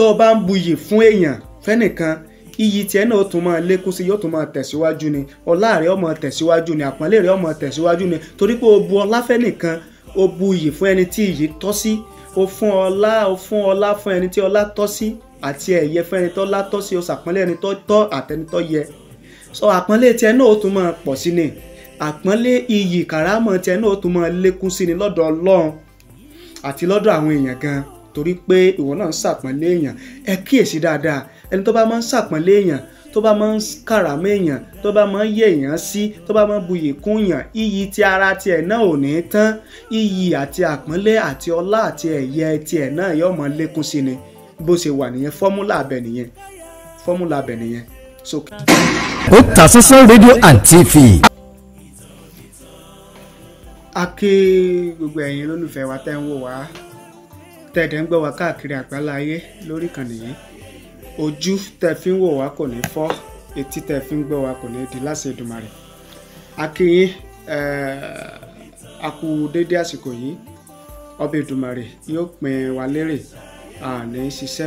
tó o bá ń buyì fún èèyàn fẹ́nìkan iyì tiẹ̀ náà ó tún máa lékún sí yóò tún máa tẹ̀síwájú ni ọlá rẹ ó máa tẹ̀síwájú ni àpọ́nlé rẹ ó máa tẹ̀síwájú ni torí pé o bu ọlá fẹ́nìkan o bu iyì fún ẹni tí iyì tọ́ sí o fún ọlá o fún ọlá fún ẹni tí ọlá tọ́ sí àti ẹ̀yẹ fún ẹni tó ọlá tọ́ sí o sàpọ́nlé ẹni tó tọ́ àtẹni tó yẹ so àpọ́nlé tiẹ̀ náà ó tún máa pọ̀ sí ni àpọ́nlé iyì kàrámọ̀ tiẹ̀ náà ó tún máa lékún sí ni lọ́dọ̀ Ọlọ́run àti lọ́dọ̀ àwọn èèyàn gan-an torí pé ìwọ náà ń ṣàpọ́nlé èèyàn ẹ kíyèsí dáadáa ẹni tó bá máa ń ṣàpọ́nlé èèyàn tó bá máa ń kàràmọ́ èèyàn tó bá máa ń yẹ èèyàn sí tó bá máa ń buyì kún èèyàn iyì ti ara tiẹ̀ náà ò ní tán iyì àti àpọ́nlé àti ọlá àti ẹ̀yẹ tiẹ̀ náà yóò máa lékún sí ni bó ṣe wà nìyẹn fọ́múlà abẹ nìyẹn fọ́múlà abẹ nìyẹn. Otasansan rédíò and TV. a kí gbogbo ẹ̀yin lólùfẹ́ wa tẹ́ ń wò wá tẹ̀dẹ̀ ń gbọ́ wá káàkiri àgbálá ayé lórí ìkànnì yìí ojú tẹ̀ fi ń wò wá kò ní fọ́ etí tẹ̀ fi ń gbọ́ wá kò ní di eh, dédé àsìkò yìí ọbẹ̀ yóò wa lérè àní ṣiṣẹ́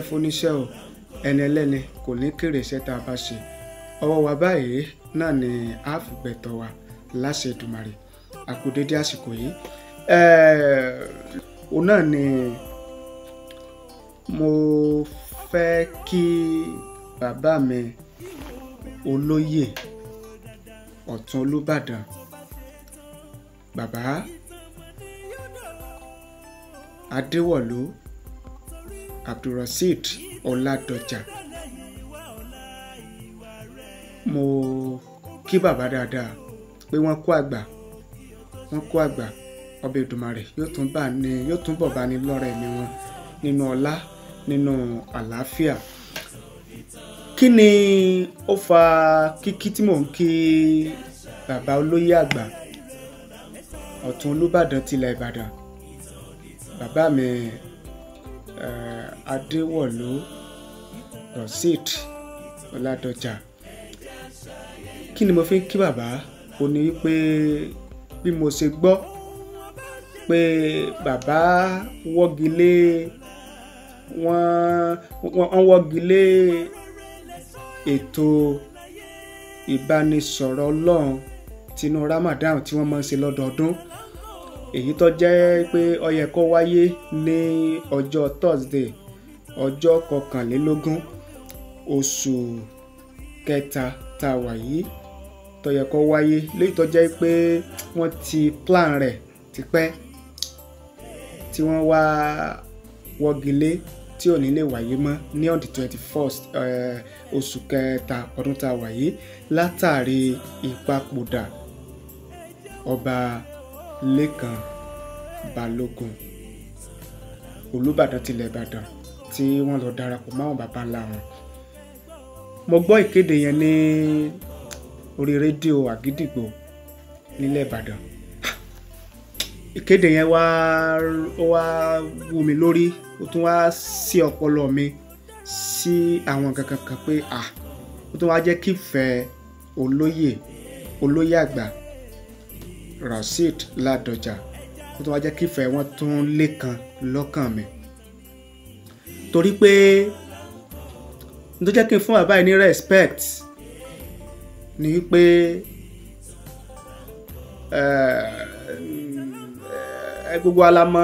o ẹni ẹlẹ́ni kò ní kéré iṣẹ́ tá a bá ṣe ọwọ́ wa báyìí náà ni wa eh, ni. mo fẹ́ kí bàbá mi olóyè ọ̀tún olùbàdàn bàbá adéwọ̀lú abdulrasheed ọládọjà mo kí bàbá dáadáa pé wọ́n kú àgbà wọ́n kú àgbà ọbẹ̀ ìdùmarè yóò tún bọ̀ bá ní lọ́rẹ̀ mi wọn nínú ọlá nínú àlàáfíà kí ni ó fa kíkí tí mò ń kí bàbá olóyè àgbà ọ̀tún olúbàdàn tilẹ̀ ìbàdàn bàbá mi uh, adéwọ̀lú rosit ọládọjà kí ni mo fi ń kí bàbá ó ní wípé bí mo ṣe gbọ́ pé bàbá wọ́gi lé wọ́n wọ́gi lé ètò ìbánisọ̀rọ̀ ọlọ́run tinú Ramadan tí wọ́n máa ń ṣe lọ́dọọdún èyí tó jẹ́ pé ó yẹ kó wáyé ní ọjọ́ Thursday ọjọ́ kọkànlélógún oṣù kẹta tá a wà yìí tó kó wáyé léyìí tó jẹ́ pé wọ́n ti plan rẹ̀ tipẹ́ tí wọ́n wá wọ́gi lé tí ò ní lè wáyé mọ́ ní on the twenty first eh, oṣù kẹta ọdún tá a wáyé látàrí ìpapòdà ọba Lékan Balógun Olúbàdàn tilẹ̀ Ìbàdàn tí wọ́n lọ darapọ̀ máwọn bàbá ńlá wọn mo gbọ́ ìkéde yẹn ní orí rédíò àgídìgbò nílẹ̀ Ìbàdàn ìkéde yẹn wá ó wá wù mí lórí ó tún wá sí ọpọlọ mi sí àwọn nǹkan kankan pé à ó tún wá jẹ́ kí ìfẹ́ olóyè olóyè àgbà Rasheed Ládọjà ó tún wá jẹ́ kí ìfẹ́ wọn tún lékan lọ́kàn mi torí pé n tó jẹ́ kí n fún bàbá yìí ní respect ni wípé. Uh, gbogbo alamọ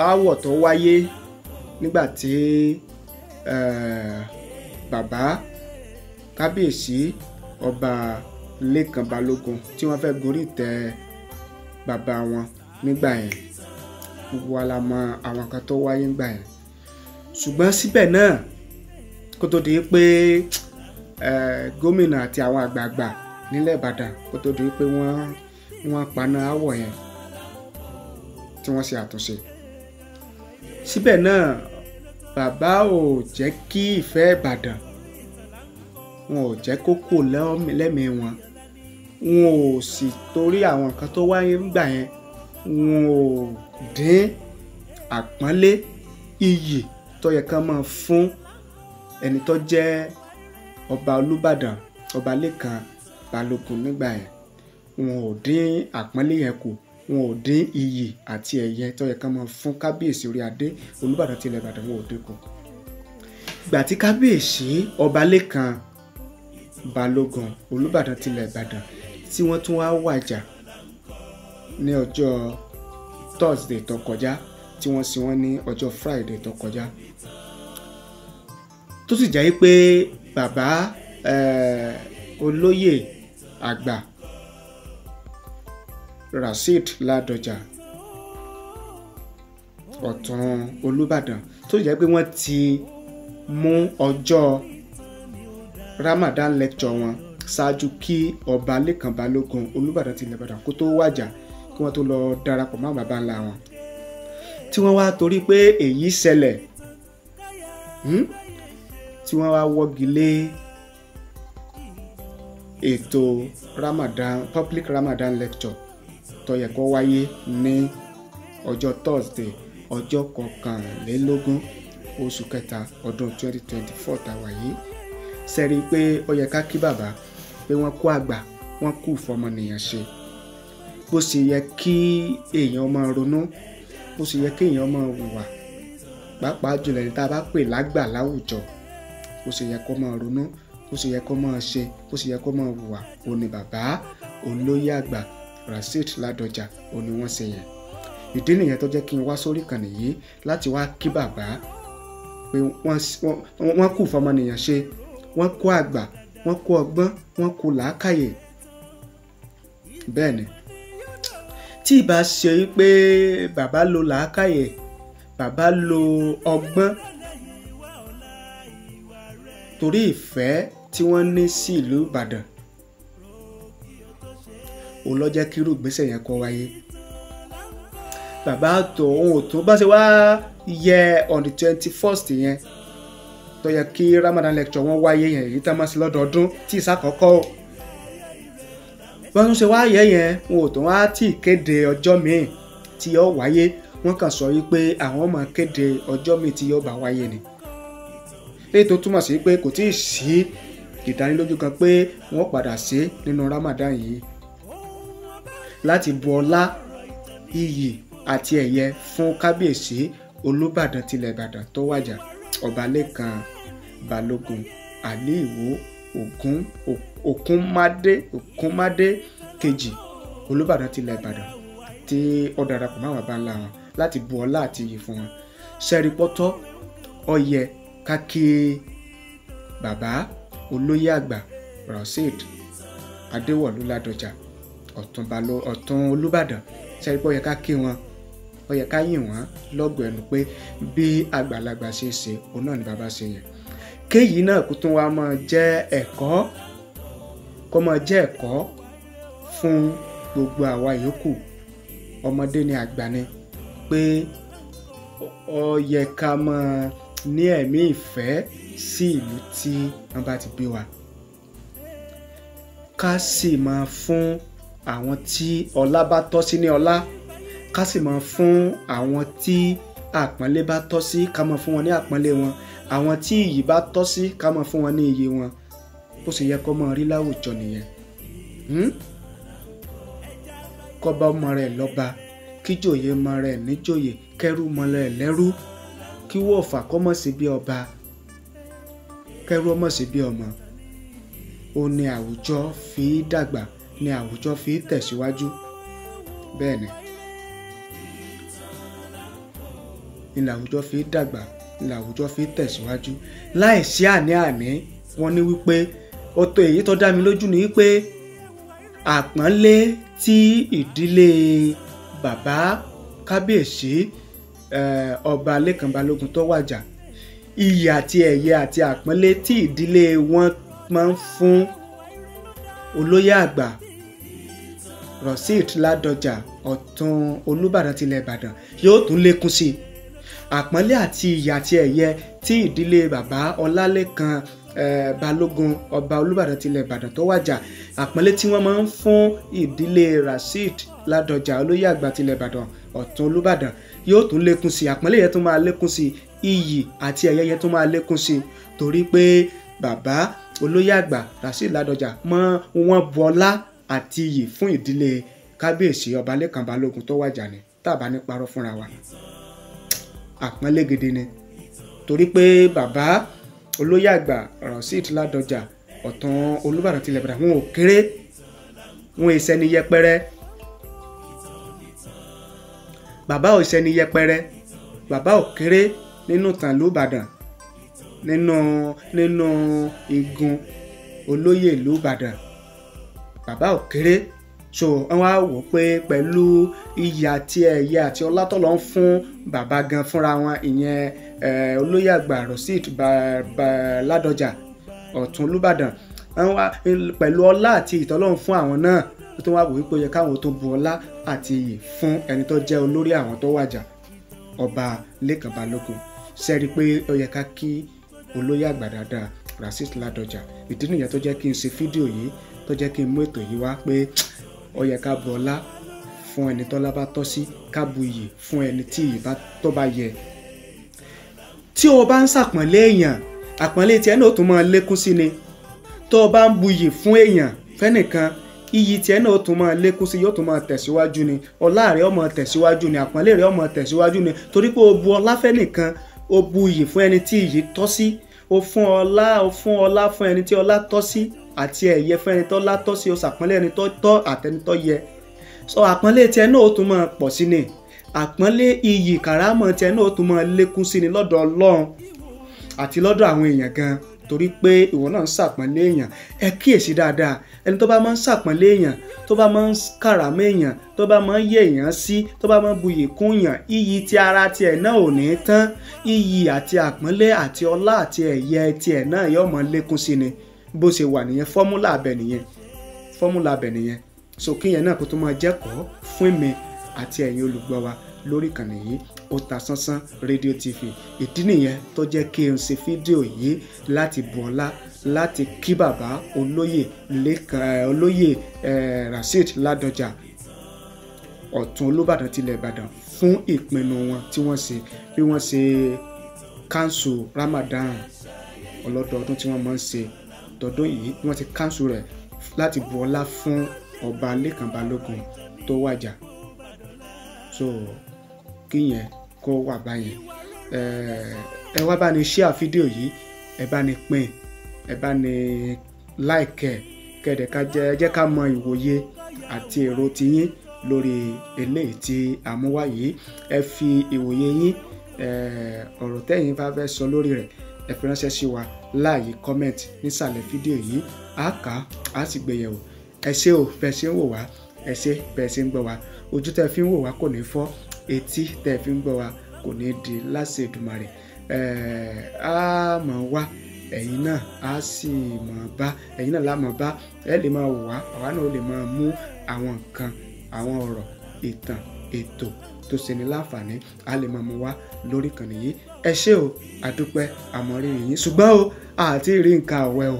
aáwọ̀ tó wáyé nígbà tí bàbá kábíyèsí ọba Lékan Balógun tí wọ́n fẹ́ gorí ìtẹ́ bàbá wọn nígbà yẹn gbogbo wa la mọ àwọn kan tó wáyé nígbà yẹn ṣùgbọ́n síbẹ̀ náà kó tó di pé gómìnà àti àwọn àgbààgbà nílẹ̀ Ìbàdàn kó tó di pé wọ́n wọ́n paná àwọ̀ yẹn tí wọ́n ṣe àtúnṣe. síbẹ̀ náà bàbá ò jẹ́ kí ìfẹ́ Ìbàdàn wọn ò jẹ́ kó kò lẹ́mìí wọn wọn ò sì torí àwọn nǹkan tó wáyé ńgbà yẹn wọn ò dín àpọ́nlé iyì tó yẹ ká máa fún ẹni tó jẹ́ ọba Olúbàdàn ọba Lékan Balógun nígbà yẹn wọn ò dín àpọ́nlé yẹn kù wọn ò dín iyì àti ẹ̀yẹ tó yẹ ká máa fún kábíyèsí orí adé olúbàdàn tilẹ̀ ìbàdàn wọn ò dín kù. ìgbà tí kábíyèsí ọba lẹ́kan balógun olúbàdàn tilẹ̀ ìbàdàn tí wọ́n tún wá wàjà ní ọjọ́ thursday tó kọjá tí wọ́n sin wọ́n ní ọjọ́ friday tó kọjá tó sì jẹ́ pé bàbá eh, olóyè àgbà rasheed ládọjà ọ̀tún olùbàdàn tó jẹ́ pé wọ́n ti mú ọjọ́ ramadan lecture wọn ṣáájú kí ọba lẹ́kàn balógun olùbàdàn ti ilẹ̀ ìbàdàn kó tó wàjà kí wọ́n tó lọ darapọ̀ mọ́ bàbá ńlá wọn tí wọ́n wá torí pé èyí ṣẹlẹ̀ hmm, tí wọ́n wá wọ́gi lé ètò ramadan public ramadan lecture tó yẹ kó wáyé ní ọjọ́ Thursday ọjọ́ kọkànlélógún oṣù kẹta ọdún 2024 tàwa yìí sẹ́rí pé ó yẹ ká kí bàbá pé wọ́n kú àgbà wọ́n kú ìfọmọnìyàn ṣe bó ṣe yẹ kí èèyàn máa ronú bó ṣe yẹ kí èèyàn máa hùwà pàápàá jùlọ ẹni tá a bá pè lágbà láwùjọ bó ṣe yẹ kó máa ronú bó ṣe yẹ kó máa ṣe bó ṣe yẹ kó máa hùwà òun bàbá òun ló yé àgbà rasheed ládọjà ó ní wọ́n ṣe yẹn ìdí nìyẹn tó jẹ́ kí n wá sórí kànnì yìí láti wá kí bàbá pé wọ́n kù fọmọnìyàn ṣe wọ́n kó àgbà wọ́n kó ọgbọ́n wọ́n kó làákàyè bẹ́ẹ̀ ni tí ìbá ṣe pé bàbá lo làákàyè bàbá lo ọgbọ́n torí ìfẹ́ tí wọ́n ní sí ìlú Ìbàdàn òun ló jẹ́ kírú ìgbésẹ̀ yẹn kó wáyé bàbá tó òun ò tó bá ṣe wá yẹ on the twenty first yẹn tó yẹ kí Ramadan lecture wọn wáyé yẹn èyí tá a máa ṣe lọ́dọọdún tí ìsàkọ́kọ́ o wọ́n tún ṣe wá yẹ yẹn wọn ò tó wá tí ì kéde ọjọ́ míì tí yọ wáyé wọ́n kàn sọ wípé àwọn máa kéde ọjọ́ míì tí yọ bá wáyé ni èyí tó túmọ̀ sí pé kò tí ì sí ìdánilójú kan pé wọ́n padà sí nínú Ramadan yìí láti bu ọlá iyì àti ẹ̀yẹ fún kábíyèsí olùbàdàn tilẹ̀ ìbàdàn tó wàjà ọba lẹ́kan balógun àlí ìwò ògún òkúnmádé òkúnmádé kejì olùbàdàn tilẹ̀ ìbàdàn tí ó darapọ̀ mọ́ àwọn abáńlá wọn láti bu ọlá àti iyì fún wọn sẹ́ripọ́tọ́ ọyẹ kákí bàbá olóyè àgbà Rasheed Adéwọ̀lú Ládọjà ọ̀tún balọ̀ ọ̀tún olúbàdàn sẹ́rí pé ó yẹ ká kí wọn ó yẹ ká yìn wọ́n lọ́gọ̀ ẹnu pé bí àgbàlagbà ṣe ṣe òun náà ni bàbá ṣe yẹn kéyìí náà kó tún wá máa jẹ́ ẹ̀kọ́ kó máa jẹ́ ẹ̀kọ́ fún gbogbo àwa yòókù ọmọdé ni àgbà ni pé ó ká máa ní ẹ̀mí ìfẹ́ sí ìlú tí wọ́n bá ti bí wa ká sì máa fún àwọn tí ọlá bá tọ́ sí ní ọlá ká sì máa fún àwọn tí àpọ́nlé bá tọ́ sí ká máa fún wọn ní àpọ́nlé wọn àwọn tí iyì bá tọ́ sí ká máa fún wọn ní iyì wọn bó ṣe yẹ kó máa rí láwùjọ nìyẹn hmm? kọ́ba ọmọ rẹ̀ lọ́ba kíjòyè ọmọ rẹ̀ níjòyè kẹ́rú ọmọ rẹ̀ lẹ́rú kí wọ́ọ̀fà kọ́ mọ̀ sí bí ọba kẹ́rú ọmọ sí bí ọmọ ó ní àwùjọ fi dàgbà ni àwùjọ fi tẹ̀síwájú bẹ́ẹ̀ ni ni àwùjọ fi dàgbà ni àwùjọ fi tẹ̀síwájú láìsí àní-àní wọn ní wípé ó tó èyí tó dá mi lójú ni wípé àpọ́nlé tí ìdílé bàbá kábíyèsí ọba Lékan Balógun tó wàjà iyì àti ẹ̀yẹ àti àpọ́nlé tí ìdílé wọn máa ń fún olóyè àgbà rasheed ládọjà ọ̀tún olùbàdàn tilẹ̀ ìbàdàn yóò tún lékún sí i àpọ́nlé àti ìyà àti ẹ̀yẹ tí ìdílé bàbá ọlálẹ́kan Eh, balógun ọba olùbàdàn tilẹ̀ ìbàdàn tó wàjà àpọ́nlé tí wọ́n máa ń fún ìdílé rasheed ládọjà olóyè àgbà tilẹ̀ ìbàdàn ọ̀tún olùbàdàn yóò tún lékún sí àpọ́nlé yẹn tún máa lékún sí iyì àti ẹ̀yẹ yẹn tún máa lékún sí torí pé bàbá olóyè àgbà rasheed ládọjà mọ wọn bu ọlá àti iyì fún ìdílé kábíyèsí ọba lẹ́kàn balógun tó wàjà ni tàbá ní parọ́ fúnra wa àpọ́nlé gidi ni torí pé bàbá olóyè àgbà Rasheed Ládọjà ọ̀tàn Olúbàdàn tilẹ̀ Ìbàdàn wọn ò kéré wọn ò ṣẹni yẹpẹrẹ bàbá ò ṣẹni yẹpẹrẹ bàbá ò kéré nínú tàn lùbàdàn nínú nínú igun olóyè lùbàdàn bàbá ò kéré so wọn wá wò pé pẹ̀lú iyì àti ẹ̀yẹ àti ọlá tó lọ ń fún bàbá gan fúnra wọn ìyẹn olóyè àgbà Rasheed Ládọjà Ọ̀tún Olúbàdàn pẹ̀lú ọlá àti ìtọ́lọ́run fún àwọn náà ó tún wá wò wípé ó yẹ káwọn tó bu ọlá àti iyì fún ẹni tó jẹ́ olórí àwọn tó wàjà ọba Lékan Balógun sẹ́rí pé ó yẹ ká kí olóyè àgbà dáadáa Rasheed Ládọjà ìdí nìyẹn tó jẹ́ kí n ṣe fídíò yìí tó jẹ́ kí n mú ètò yìí wá pé ó yẹ ká bu ọlá fún ẹni tọ́lá bá tọ́ sí ká bu iyì fún ẹni tí iyì bá tọ́ bá yẹ. tí o bá ń ṣàpọ́nlé èèyàn àpọ́nlé tiẹ̀ náà tún máa lékún sí ni tó o bá ń bu iyì fún èèyàn fẹ́nìkan iyì tiẹ̀ náà tún máa lékún sí yóò tún máa tẹ̀síwájú ni ọlá rẹ̀ ó tẹ̀síwájú ni àpọ́nlé rẹ̀ ó tẹ̀síwájú ni torí pé o bu ọlá fẹ́nìkan o bu iyì fún ẹni tí iyì tọ́ sí. Si o fún ọlá o fún ọlá fún ẹni tí ọlá tọ́ sí àti ẹ̀yẹ fún ẹni tó lá tọ́ sí o ṣàpọ́nlé ẹni tó tọ́ àtẹni tó yẹ sọ àpọ́nlé tiẹ̀ náà ó tún máa pọ̀ sí ni àpọ́nlé iyì kàrámọ̀ tiẹ̀ náà ó tún máa lékún sí ni lọ́dọ̀ Ọlọ́run àti lọ́dọ̀ àwọn èèyàn gan-an torí pé ìwọ náà ń ṣàpọ́nlé èèyàn ẹ kíyèsí dáadáa ẹni tó bá máa ń ṣàpọ́nlé èèyàn tó bá máa ń kàràmọ́ èèyàn tó bá máa ń yẹ èèyàn sí tó bá máa ń buyì kún èèyàn iyì ti ara tiẹ̀ náà ò ní tán iyì àti àpọ́nlé àti ọlá àti ẹ̀yẹ tiẹ̀ náà yóò máa lékún sí ni bó ṣe wà nìyẹn fọ́múlà abẹ nìyẹn fọ́múlà abẹ nìyẹn so kíyẹn náà kó tó máa jẹ́kọ̀ọ́ fún mi àti ẹ̀yin olùgbọ́ wa lórí ìkànnì yìí Otasansan radio tv ìdí nìyẹn tó jẹ́ kí n ṣe fídíò yìí láti bu ọlá láti kí bàbá olóyè olóyè Rasheed Ládọjà ọ̀tún olúbàdàn tilẹ̀ ìbàdàn fún ìpinnu wọn tí wọ́n ṣe bí wọ́n ṣe kanṣu ramadan ọlọ́dọọdún tí wọ́n máa ń ṣe tọdún yìí bí wọ́n ti kanṣu rẹ̀ láti bu ọlá fún ọba lẹ́kàn balógun tó wàjà so kíyẹn kó wà báyẹn ẹ wá bá ní ṣíà fídíò yìí ẹ bá ní pín ẹ bá ní láìkẹ kẹdẹ ká jẹ jẹ ká mọ ìwòye àti èrò tiyín lórí eléyìí tí a mú wá yìí ẹ fi ìwòye yín ọ̀rọ̀ tẹ́yìn bá fẹ́ sọ lórí rẹ̀ ẹ fi ránṣẹ́ sí wa láàyè comment nísàlẹ̀ fídíò yìí á kà á sì gbéyẹ̀wò ẹ ṣé o bẹ́ẹ̀ ṣe ń wò wá ẹ ṣé bẹ́ẹ̀ ṣe ń gbọ́ wá ojú tẹ́ fi ń wò wá kò ní fọ́ etí tẹ́ fi ń gbọ́ wa kò ní di láṣẹ Èdùmàrè á mọ̀ wá ẹ̀yin náà á sì mọ̀ bá ẹ̀yin náà lámọ̀ bá ẹ lè máa wà àwa náà ó lè máa mú àwọn nǹkan àwọn ọ̀rọ̀ ìtàn ètò tó ṣeni láǹfààní a lè máa mú wá lórí ìkànnì yìí ẹ ṣé o àdúpẹ́ àmọ̀rírì yín ṣùgbọ́n o àti rí nǹkan àwẹ̀ o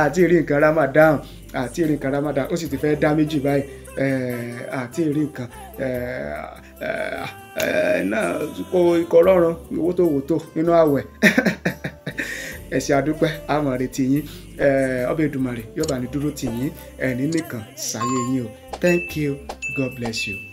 àti rí nǹkan Ramadan àti rí nǹkan Ramadan ó sì ti fẹ́ dá méjì báyìí àti eh, ìrí nǹkan eh, eh, náà kó ikọ̀ rọrùn owó tó wò tó nínú àwẹ̀ ẹ ṣé àdúpẹ́ àmọ̀ retí yín ọbẹ̀ Èdùmàrè yóò bá ní dúró tì yín ẹ̀ ní nìkan ṣàyè yín o thank you God bless you.